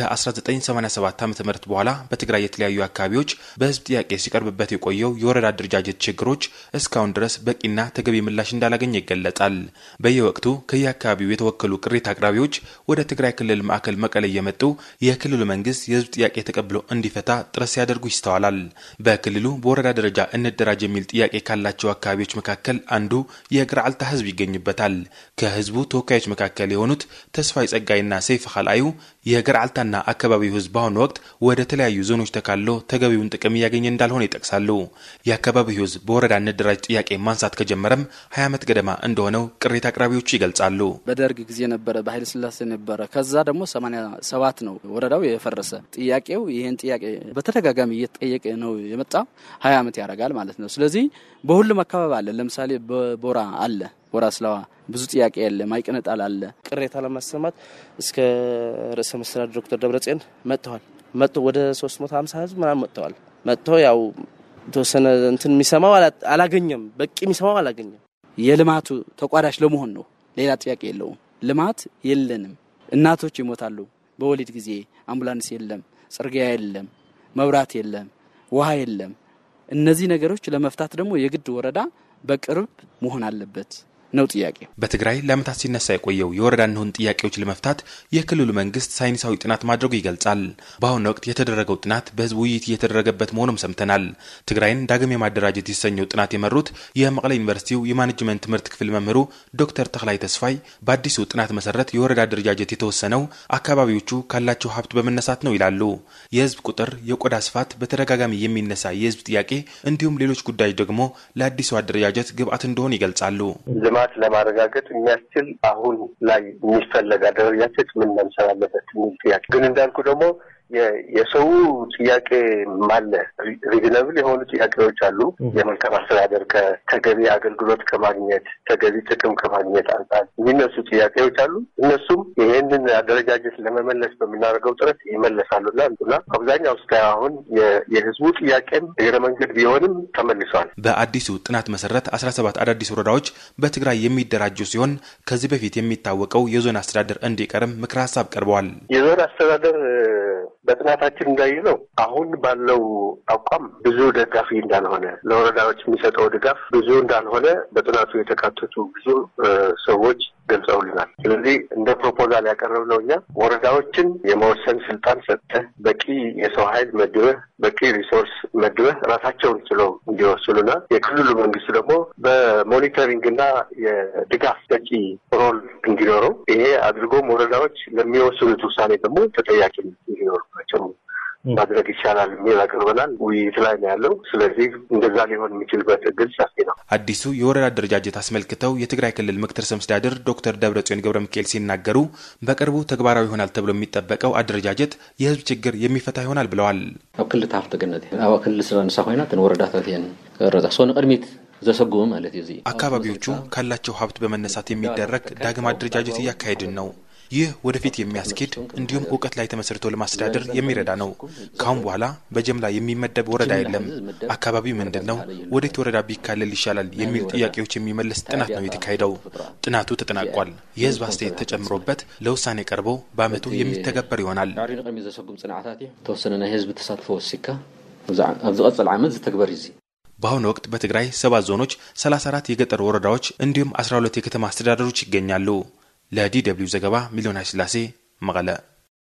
ከ1987 ዓ ም በኋላ በትግራይ የተለያዩ አካባቢዎች በህዝብ ጥያቄ ሲቀርብበት የቆየው የወረዳ አደረጃጀት ችግሮች እስካሁን ድረስ በቂና ተገቢ ምላሽ እንዳላገኘ ይገለጣል። በየወቅቱ ከየአካባቢው የተወከሉ ቅሬታ አቅራቢዎች ወደ ትግራይ ክልል ማዕከል መቀለ እየመጡ የክልሉ መንግስት የህዝብ ጥያቄ ተቀብሎ እንዲፈታ ጥረት ሲያደርጉ ይስተዋላል። በክልሉ በወረዳ ደረጃ እንደራጅ የሚል ጥያቄ ካላቸው አካባቢዎች መካከል አንዱ የግርዓልታ ህዝብ ይገኝበታል። ከህዝቡ ተወካዮች መካከል የሆኑት ተስፋዊ ጸጋይና ሰይፍ ኸላዩ የገርዓልታና አካባቢው ህዝብ በአሁኑ ወቅት ወደ ተለያዩ ዞኖች ተካሎ ተገቢውን ጥቅም እያገኘ እንዳልሆነ ይጠቅሳሉ። የአካባቢው ህዝብ በወረዳ እንደራጅ ጥያቄ ማንሳት ከጀመረም ሀያ ዓመት ገደማ እንደሆነው ቅሬታ አቅራቢዎቹ ይገልጻሉ። በደርግ ጊዜ ነበረ፣ በኃይለ ስላሴ ነበረ። ከዛ ደግሞ ሰማንያ ሰባት ነው ወረዳው የፈረሰ። ጥያቄው ይህን ጥያቄ በተደጋጋሚ እየተጠየቀ ነው የመጣ ሀያ ዓመት ያደርጋል ማለት ነው። ስለዚህ በሁሉም አካባቢ አለ። ለምሳሌ በቦራ አለ ቦራ ስለዋ ብዙ ጥያቄ ያለ ማይቀነጣል አለ ቅሬታ ለማሰማት እስከ ርዕሰ መስተዳድር ዶክተር ደብረጽዮን መጥተዋል። መጥቶ ወደ 350 ህዝብ ምናምን መጥተዋል። መጥቶ ያው የተወሰነ እንትን የሚሰማው አላገኘም፣ በቂ የሚሰማው አላገኘም። የልማቱ ተቋዳሽ ለመሆን ነው፣ ሌላ ጥያቄ የለውም። ልማት የለንም፣ እናቶች ይሞታሉ በወሊድ ጊዜ፣ አምቡላንስ የለም፣ ጽርጊያ የለም፣ መብራት የለም፣ ውሃ የለም። እነዚህ ነገሮች ለመፍታት ደግሞ የግድ ወረዳ በቅርብ መሆን አለበት። ነው ጥያቄ። በትግራይ ለአመታት ሲነሳ የቆየው የወረዳነውን ጥያቄዎች ለመፍታት የክልሉ መንግስት ሳይንሳዊ ጥናት ማድረጉ ይገልጻል። በአሁኑ ወቅት የተደረገው ጥናት በህዝብ ውይይት እየተደረገበት መሆኑም ሰምተናል። ትግራይን ዳግም የማደራጀት የተሰኘው ጥናት የመሩት የመቀለ ዩኒቨርሲቲው የማኔጅመንት ትምህርት ክፍል መምህሩ ዶክተር ተክላይ ተስፋይ በአዲሱ ጥናት መሰረት የወረዳ አደረጃጀት የተወሰነው አካባቢዎቹ ካላቸው ሀብት በመነሳት ነው ይላሉ። የህዝብ ቁጥር፣ የቆዳ ስፋት፣ በተደጋጋሚ የሚነሳ የህዝብ ጥያቄ እንዲሁም ሌሎች ጉዳዮች ደግሞ ለአዲሱ አደረጃጀት ግብአት እንደሆኑ ይገልጻሉ። ልማት ለማረጋገጥ የሚያስችል አሁን ላይ የሚፈለግ አደረጃጀት ምን መምሰል አለበት የሚል ጥያቄ ግን እንዳልኩ ደግሞ የሰው ጥያቄ አለ። ሪዝነብል የሆኑ ጥያቄዎች አሉ። የመልካም አስተዳደር ከተገቢ አገልግሎት ከማግኘት ተገቢ ጥቅም ከማግኘት አንጻር የሚነሱ ጥያቄዎች አሉ። እነሱም ይህንን አደረጃጀት ለመመለስ በምናደርገው ጥረት ይመለሳሉ እና እንትና አብዛኛው እስከ አሁን የህዝቡ ጥያቄም እግረ መንገድ ቢሆንም ተመልሷል። በአዲሱ ጥናት መሰረት አስራ ሰባት አዳዲስ ወረዳዎች በትግራይ የሚደራጁ ሲሆን ከዚህ በፊት የሚታወቀው የዞን አስተዳደር እንዲቀርም ምክረ ሀሳብ ቀርበዋል። የዞን አስተዳደር በጥናታችን እንዳይዘው አሁን ባለው አቋም ብዙ ደጋፊ እንዳልሆነ ለወረዳዎች የሚሰጠው ድጋፍ ብዙ እንዳልሆነ በጥናቱ የተካተቱ ብዙ ሰዎች ገልጸውልናል። ስለዚህ እንደ ፕሮፖዛል ያቀረብነው እኛ ወረዳዎችን የመወሰን ስልጣን ሰጥተህ በቂ የሰው ኃይል መድበህ በቂ ሪሶርስ መድበህ ራሳቸውን ችለው እንዲወስኑና የክልሉ መንግስት ደግሞ በሞኒተሪንግ እና የድጋፍ በቂ ሮል እንዲኖረው ይሄ አድርጎም ወረዳዎች ለሚወስኑት ውሳኔ ደግሞ ተጠያቂ እንዲኖሩ ማድረግ ይቻላል የሚል አቅርበናል። ውይይት ላይ ነው ያለው። ስለዚህ እንደዛ ሊሆን የሚችልበት እድል ሰፊ ነው። አዲሱ የወረዳ አደረጃጀት አስመልክተው የትግራይ ክልል ምክትል ርዕሰ መስተዳድር ዶክተር ደብረጽዮን ገብረ ሚካኤል ሲናገሩ በቅርቡ ተግባራዊ ይሆናል ተብሎ የሚጠበቀው አደረጃጀት የህዝብ ችግር የሚፈታ ይሆናል ብለዋል። ኣብ ክልል ተሃፍተገነት ኣብ ክልል ስራ ንሳ ኮይና ትን ወረዳታት እየን ረፃ ሶን ቅድሚት ዘሰጉሙ ማለት እዩ አካባቢዎቹ ካላቸው ሀብት በመነሳት የሚደረግ ዳግም አደረጃጀት እያካሄድን ነው ይህ ወደፊት የሚያስኬድ እንዲሁም እውቀት ላይ ተመስርቶ ለማስተዳደር የሚረዳ ነው። ካሁን በኋላ በጀምላ የሚመደብ ወረዳ የለም። አካባቢው ምንድን ነው? ወዴት ወረዳ ቢካለል ይሻላል? የሚል ጥያቄዎች የሚመለስ ጥናት ነው የተካሄደው። ጥናቱ ተጠናቋል። የህዝብ አስተያየት ተጨምሮበት ለውሳኔ ቀርቦ በአመቱ የሚተገበር ይሆናል። ተወሰነ ናይ ተሳትፎ ወሲካ ኣብ ዓመት ዝተግበር በአሁኑ ወቅት በትግራይ ሰባት ዞኖች 34 የገጠር ወረዳዎች እንዲሁም 12 የከተማ አስተዳደሮች ይገኛሉ። لا دي دبليو زغبا مليون هاي مغلا